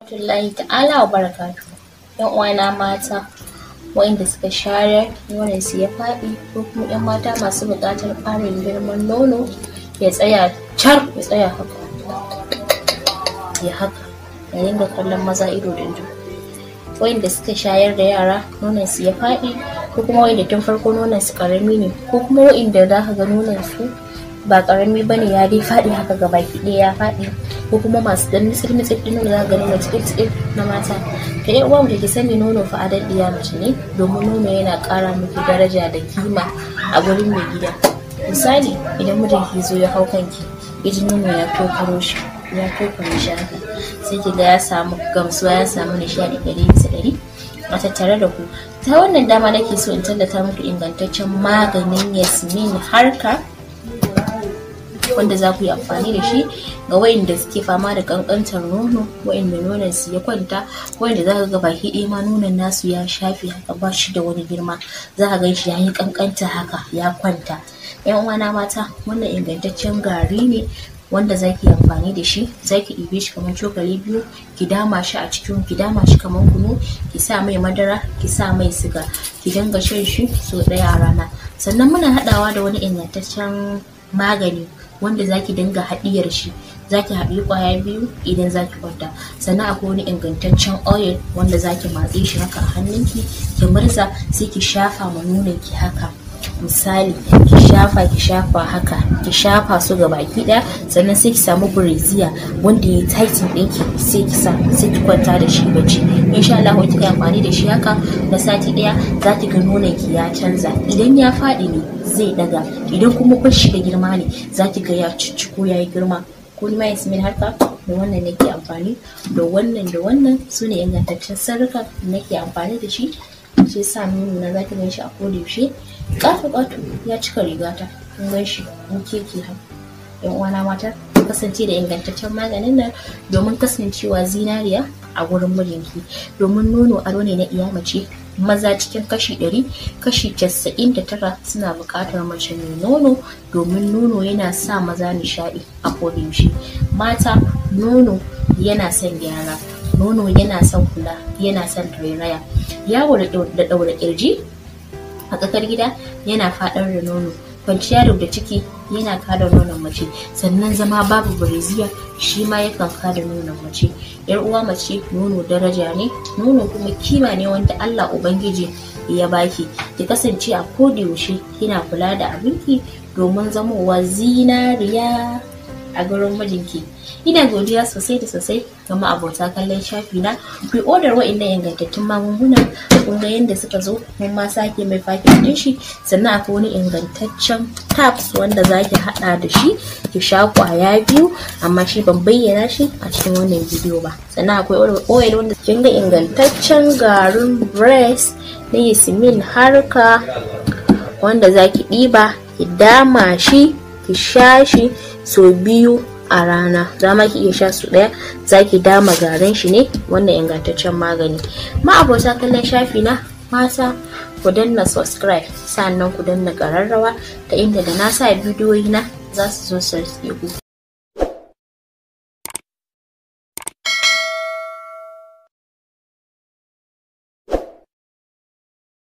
rahmatullahi ta'ala wa barakatuhu ƴan uwana mata waɗanda suka shayar nonon su ya faɗi ko kuma ƴan mata masu buƙatar ƙarin girman nono ya tsaya car ya tsaya haka ya haka ya dinga kallon maza ido da ido waɗanda suka shayar da yara nonon su ya faɗi ko kuma waɗanda tun farko nonon su ƙarami ne ko kuma da za ka ga nonon su ba karami bane ya dai faɗi haka gaba baki ɗaya ya faɗi ko kuma masu dan mitsir mitsir din da gani na cikin cikin na mata ta yi uwan ki sani nono fa adan ɗiya mace ne domin nono yana ƙara miki daraja da kima a gurin mai gida misali idan mijin ki zo ya hau kanki Idan nono ya tokaro shi ya tokaro shi haka sai ki ga ya samu gamsuwa ya samu nishaɗi ɗari bisa ɗari a tattare da ku ta wannan dama nake so in tallata muku ingantaccen maganin yasmin harka wanda za ku yi amfani da shi ga wayanda suke fama da kankantar nono wayanda nonon su ya kwanta wayanda za ka ga baki ɗaya ma nonon nasu ya shafe haka ba shi da wani girma za ka gan shi ya yi kankanta haka ya kwanta yan uwana mata wannan ingantaccen gari ne wanda zaki yi amfani da shi za ki ɗibe shi kamar cokali biyu ki dama shi a cikin ki dama shi kamar kunu ki sa mai madara ki sa mai siga ki dinga shan shi sau ɗaya a rana sannan muna haɗawa da wani ingantaccen magani wanda zaki dinga haɗiyar shi zaki haɗi ƙwaya biyu idan zaki kwanta sannan akwai wani ingantaccen oil wanda zaki matse shi haka a hannunki ki murza sai ki shafa ma nonon ki haka misali ki shafa ki shafa haka ki shafa su ga baki daya sannan sai ki samu brazier wanda ya tightin ɗinki sai ki sa sai ki kwanta da shi bacci insha Allah wata kai amfani da shi haka na sati daya za ki ga nonon ki ya canza idan ya faɗi ne zai daga idan kuma shi da girma ne za ki ga ya cicciko ya yi girma kun ma yasmin harka da wannan nake amfani da wannan da wannan su ne ingantaccen sarrafa nake amfani da shi shi sa mimi na zaki gan shi a kodi shi ƙato ya cika rigata kun gan shi in keke ha yan uwana mata ta kasance da ingantaccen maganin nan domin kasancewa zinariya a gurin mijinki domin nono aro ne na iyamace maza cikin kashi 100 kashi 99 suna buƙatar mace mai nono domin nono yana sa maza nishaɗi a koda shi mata nono yana son gyara nono yana son kula yana son turaya yawo da ɗaura ƙirji a kakar gida yana faɗar da nono kwanciya da ciki yana kada nonon mace sannan zama babu bareziya shi ma yakan kada nonon mace yar uwa mace nono daraja ne nono kuma kima ne wanda Allah ubangiji ya baki ki kasance a koda yaushe kina kula da abinki domin zamowa zinariya a gurin mijinki ina godiya sosai da sosai ga ma'abota kallon shafi na ku order ina ingantattun magunguna da kun yadda suka zo mun ma sake mai fakin din shi sannan akwai wani ingantaccen tabs wanda ki hada da shi ki sha kwaya biyu amma shi ban bayyana shi a cikin wannan bidiyo ba sannan akwai oil wanda kin ga ingantaccen garin breast na yasmin harka wanda zaki ɗiba ki dama shi ki sha shi so biyu a rana za ma ki iya sha su ɗaya za ki dama garin shi ne wannan ingantaccen magani ma'abota kallon shafi na mata ku danna subscribe sannan ku danna ƙararrawa ta inda da na sa bidiyoyi na za su zo su